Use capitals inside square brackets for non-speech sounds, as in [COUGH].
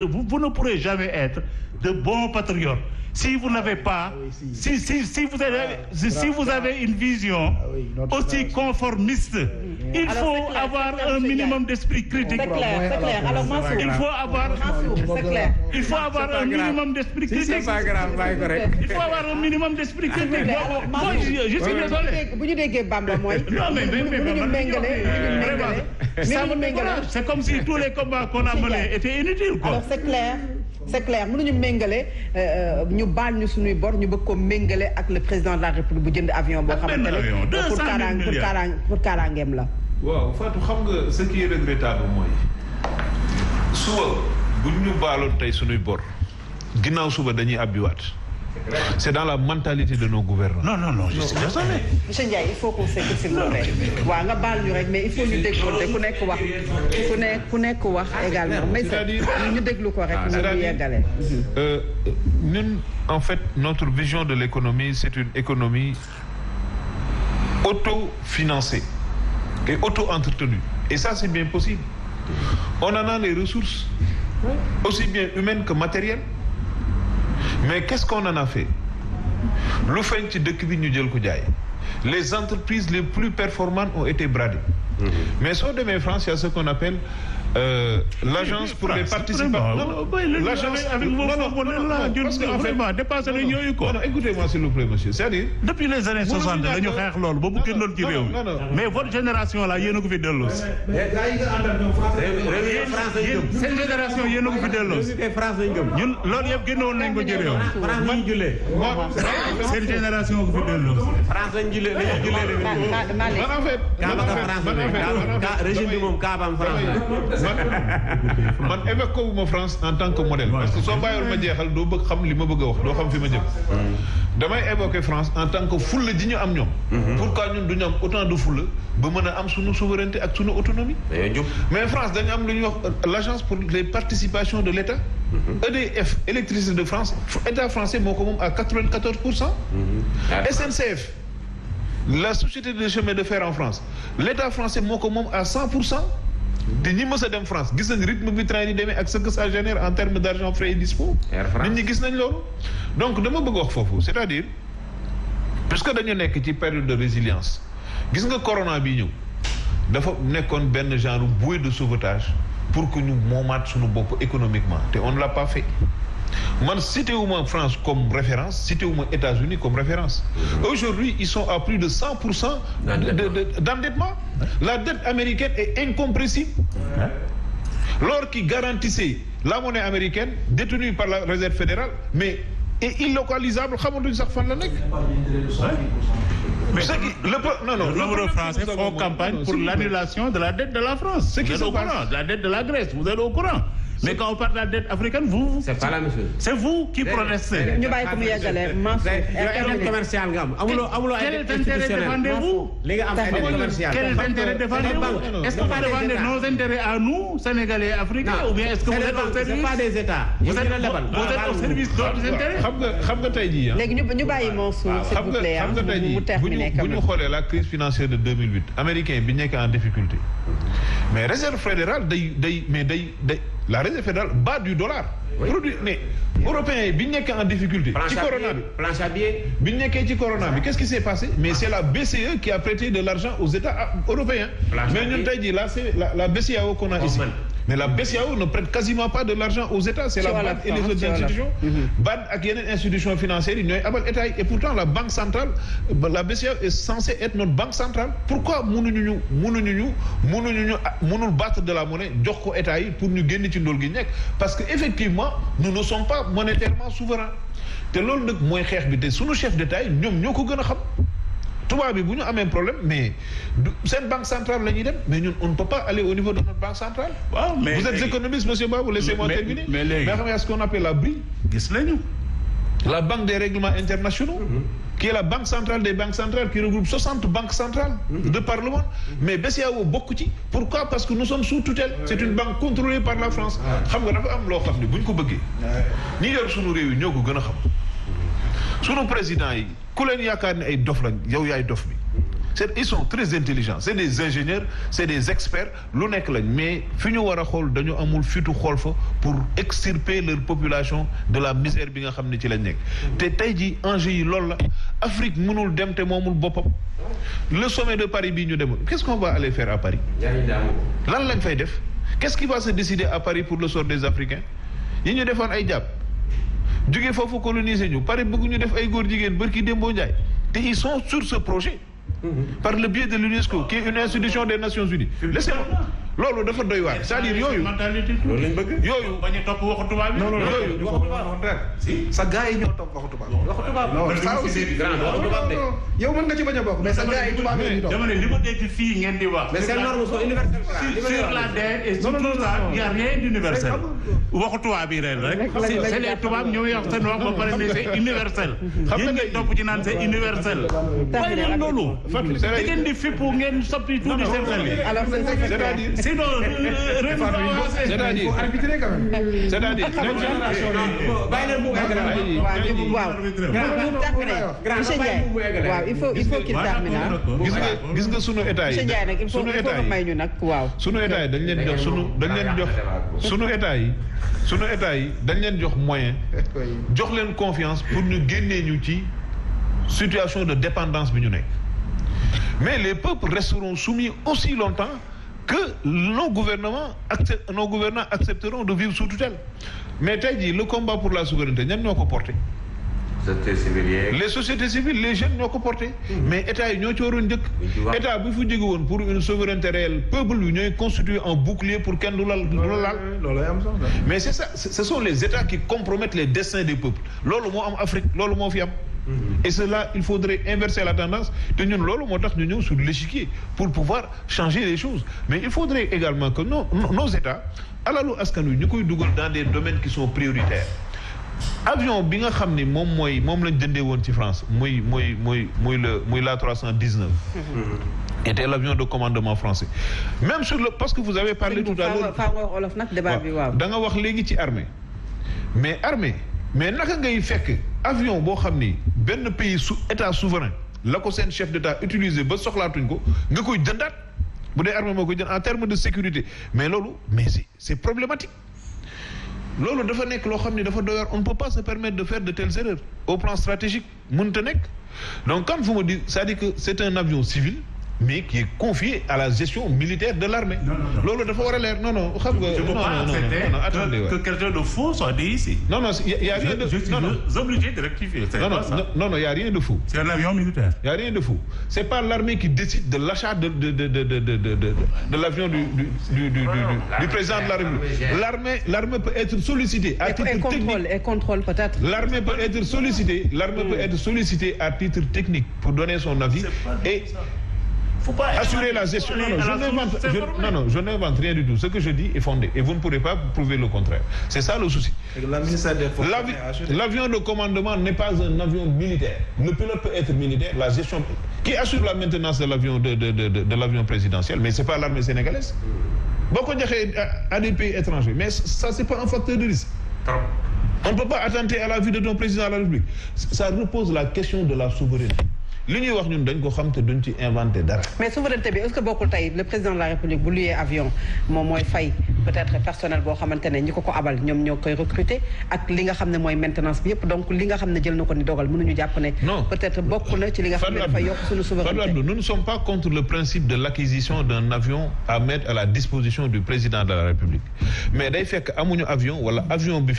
Vous, ne pourrez jamais être de bons patriotes si vous n'avez pas, ah si, si, si, vous avez, ah, si vous avez une vision ah aussi conformiste. Il faut avoir un minimum d'esprit critique. C'est clair, c'est clair. Alors, il faut il faut avoir un minimum d'esprit critique. Il faut avoir un minimum d'esprit critique. C'est comme si tous les combats qu'on a menés étaient inutiles, quoi. c'est clair c'est clair mënuñu méngale euh, euh, ñu baal ñu suñuy bor ñu bëgg ko méngale ak le président de la république bu jënd avion boo xamante ne pour kaaraange pour la waaw Fatou xam nga ce qui ñu baaloon tey suñuy bor ginnaaw suba dañuy àbbiwaat C'est dans la mentalité de nos gouvernants. Non, non, non, je sais bien ça. Monsieur il faut qu'on s'écoute s'il vous plaît. waaw nga baal ñu rek mais il faut ñu déggoonte ku nekk wax ku nekk ku nekk wax également mais ñu déglu ko rek ah, ñu euh, en fait notre vision de l'économie c'est une économie autofinancée et auto-entretenue et ça c'est bien possible on en a les ressources aussi bien humaines que matérielles mais qu'est-ce qu'on en a fait lu feeñ ci dëkk bi ñu jël ko jaay les entreprises les plus performantes ont été bradées. Mm-hmm. mais soo demee France il y a ce qu'on appelle Euh, l'agence pour les participants. L'agence avec vos fourgonnets là, vraiment dépassé nañu yooyu quoi. Non, écoutez-moi s'il vous plaît monsieur. C'est-à-dire depuis les années 60 dañu xeex loolu ba bu kenn doon ci réew mi. Mais votre génération là yéen a ko fi delloo. Seen génération yéen a ko fi delloo. Ñun loolu yëpp génnoon nañ ko ci réew mi. Seen génération ko fi delloo. France lañ jullee lañu jullee. Man en fait, man en fait, régime bi moom Kaabam France. [LAUGHS] man man évoqué France en tant que modèle. parce que soo bàyyiwul ma jeexal doo bëgg xam li ma bëgg a wax doo xam fi ma jëm. damay évoqué France en tant que fulla ji ñu am ñoom. pourquoi ñun du ñu am autant de fulla ba mën a am suñu souveraineté ak suñu autonomie. mais France dañu am lu ñu wax euh, l' agence pour les participations de l' État. EDF électricité de France état français moo ko moom à quatre vingt quatorze pour cent. SNCF. la société de chemin de fer en France l' état français moo ko moom à cent pour cent. te ñi mës a dem France gis nañ rythme bi train yi demee ak ce que ça en terme d' argent frais et dispo. nit ñi gis nañ loolu. donc dama bëgg wax foofu c' est à dire puisque dañu nekk ci période de résilience gis nga corona bi ñëw dafa nekkoon benn genre bouée de sauvetage pour que ñu moomaat suñu bopp économiquement te on ne l'a pas fait. man cité wu ma France comme référence cité wu ma États-Unis comme référence aujourd'hui ils sont à plus de cent pour cent d'endettement la dette américaine est incompressible l'or qui garantissait la monnaie américaine détenue par la réserve fédérale mais est illocalisable xamantuñu sax mais le non non. nombre français font campagne pour l'annulation de la dette de la France. ce qui se passe la dette de la Grèce vous êtes au courant. Mais quand on parle de la dette africaine, vous. C'est pas la même chose. C'est vous qui protestez. ñu bàyyi ko mu yeggalee commercial nga am. amuloo amuloo ay quel est l'intérêt défendez-vous. li nga am ay commercial. quel est l'intérêt défendez-vous. est-ce que vous défendez nos intérêts à nous sénégalais africains ou bien est-ce que vous êtes au service. c'est pas des états. vous êtes au service d'autres intérêts. xam nga xam nga tey jii. Ah. léegi ñu bàyyi Mansour s'il vous plaît mu terminer bu ñu xoolee la crise financière de 2008 américain bi nekk en difficulté mais réserve fédérale day day mais day day la réserve fédérale bas du dollar. produit mais européens yi difficulté. ci corona bi planche à billets bi ñu nekkee qu'est-ce qui s'est passé. mais c'est la BCE qui a prêté de l'argent aux États ah, européens. mais ñun tey jii la la BCEAO qu'on a ici. mais la BCEAO ne prête quasiment pas de l'argent aux États c'est la BAD et les autres institutions mm-hmm. BAD ak yeneen institutions financières yi ñooy abal État yi et pourtant la banque est censée être notre banque centrale pourquoi mënuñu ñu mënuñu ñu mënuñu ñu mënul battre de la monnaie jox ko État yi pour ñu génn ci ndóol gi nekk parce que effectivement nous ne sommes pas monétairement souverains te loolu nag mooy xeex bi te sunu chef d'État yi ñoom ñoo ko gën a xam tubaab bi bu ñu amee problème mais seen banque centrale la ñuy dem mais ñun on ne peut pas aller au niveau de notre banque centrale. waaw mais vous êtes économiste monsieur Babou laissez-moi terminer. mais léegi la banque des règlements internationaux. Mm-hmm. qui la banque centrale des banques centrales qui regroupe 60 banques centrales mm-hmm. de par le monde mm-hmm. mais bokk ci pourquoi parce que nous sommes sous tutelle c'est une banque contrôlée par la France xam nga dafa am loo xam ne bu ko bëggee ñi yor sunu réew yi ko gën a xam sunu président yi ku leen yaakaar ne ay dof lañ yow yaay dof bi c'est ils sont très intelligents c'est des ingénieurs c'est des experts lu nekk lañ mais fi ñu war a xool dañu amul fitu xool fa pour extirper leur population de la misère bi nga xam ne ci lañ nekk te tey ji enjeu yi loolu la Afrique mënul dem te moomul boppam le sommet de Paris bii ñu demoon qu'est-ce qu'on va lan lañ fay def qu'est-ce qui va se décider à Paris pour le sort des Africains yi ñu defoon ay jàpp jóge foofu coloniser ñu pare bëgg ñu def ay góor jigéen bërki Dembo Ndiaye te ils sont sur ce projet. Mmh. par le biais de l'UNESCO qui est une institution des Nations Unies. loolu dafa doy waar cest à yooyu. loolu a topp waxu tubaab yi. non sa gars yi ñoo topp waxu tubaab. waxu tubaab non a bokk mais sa gars yi tubaab topp. dama ne li di wax. mais c'est norme c'est universel. sur la terre et sur tout ça il y a rien d'universel. waxu tubaab tubaab ñoo yor seen wax ba pare ne universel. xam nga topp ci naan c'est universel. bàyyi leen loolu. da ngeen fippu ngeen soppi tuuti seen xel yi. sinon. c'est-à-dire [LAUGHS] euh, euh, arbitré quand même. c'est-à-dire gis nga gis nga sunu état yi. sunu état yi may ñu nag waaw. sunu état dañ leen jox sunu dañ leen jox sunu état sunu état dañ leen jox moyen jox leen confiance pour ñu génnee ñu ci situation de dépendance bi ñu nekk mais les peuples resteront soumis aussi longtemps que nos gouvernements accept, nos gouvernants accepteront de vivre sous tutelle mais tey jii le combat pour la souveraineté ñan ñoo ko porté. les sociétés civiles les jeunes ñoo ko porté. Hmm. mais état yi ñoo ci waroon njëkk. état bi fu jóge woon pour une souveraineté réelle peuple bi ñooy constituer un bouclier pour kenn du laal du laal. mais c' ça ce sont les états qui compromettent les destins des peuples loolu moo am Afrique loolu moo fi am. Mm-hmm. et la il faudrait inverser la tendance te ñun loolu moo tax ñu ñëw sur l'échiquier pour pouvoir changer les choses mais il faudrait également que nos nos états alalu askan wi ñu koy dugal dans des domaines qui sont prioritaires avion bi nga xam ni moom mooy moom lañ jëndee woon ci France mooy mooy muy muy le muy la 319 mm-hmm. était l'avion de commandement français même sur le parce que vous avez parlé tout à l'heure da nga wax léegi ci armée mais armée mais naka ngay fekk avion boo xam ni benn pays su état souverain la ko seen chef d' état utiliser ba soxlaatuñ ko nga koy jëndaat bu dee armée moo koy jënd en terme de sécurité mais loolu mais c' est problématique loolu dafa nekk loo xam ni dafa doy waar on ne peut pas se permettre de faire de telles erreurs au plan stratégique mun a nekk donc quand vous me dites c'est-à-dire que c' est civil mais qui est confié à la gestion militaire de l'armée. loolu dafa war a leer non non xam nga. je ne peux pas accepter que quelqu'un de faux soit dit ici. non non il y a rien de je suis obligé de rectifier. c'est pas ça non non il y a rien de faux. c'est un avion militaire. il y a rien de faux c'est pas l'armée qui décide de l'achat de de de de de de de l'avion du du du du président de la République. l'armée l'armée peut être sollicitée à titre technique. et contrôle et contrôle peut-être. l'armée peut être sollicitée l'armée peut hmm. être sollicitée à titre technique pour donner son avis et. faut pas assurer la gestion non non, je je, non non je n'invente rien du tout ce que je dis est fondé et vous ne pourrez pas prouver le contraire c'est ça le souci l'avion de commandement n'est pas un avion militaire la gestion qui assure la maintenance de l'avion de mais c'est pas l'armée sénégalaise boo ko euh, à la vie de ton président de la République ça repose la question de la souveraineté li ñuy wax ñun dañ ko xam te duñ ci inventé dara. mais souveraineté bi est-ce bokkul tey le président de la république bu luyee avion moom mooy fay peut-être personnel boo xamante ne ñi ko ko abal ñoom ñoo koy recruter ak li nga xam ne mooy maintenance bi yëpp donc li nga xam ne jël na ko ni dogal mënuñu jàpp ne. non peut-être bokk na ci li nga xam ne dafa yokk suñu souveraineté. nous ne sommes pas contre le principe de l'acquisition d'un avion à mettre à bi.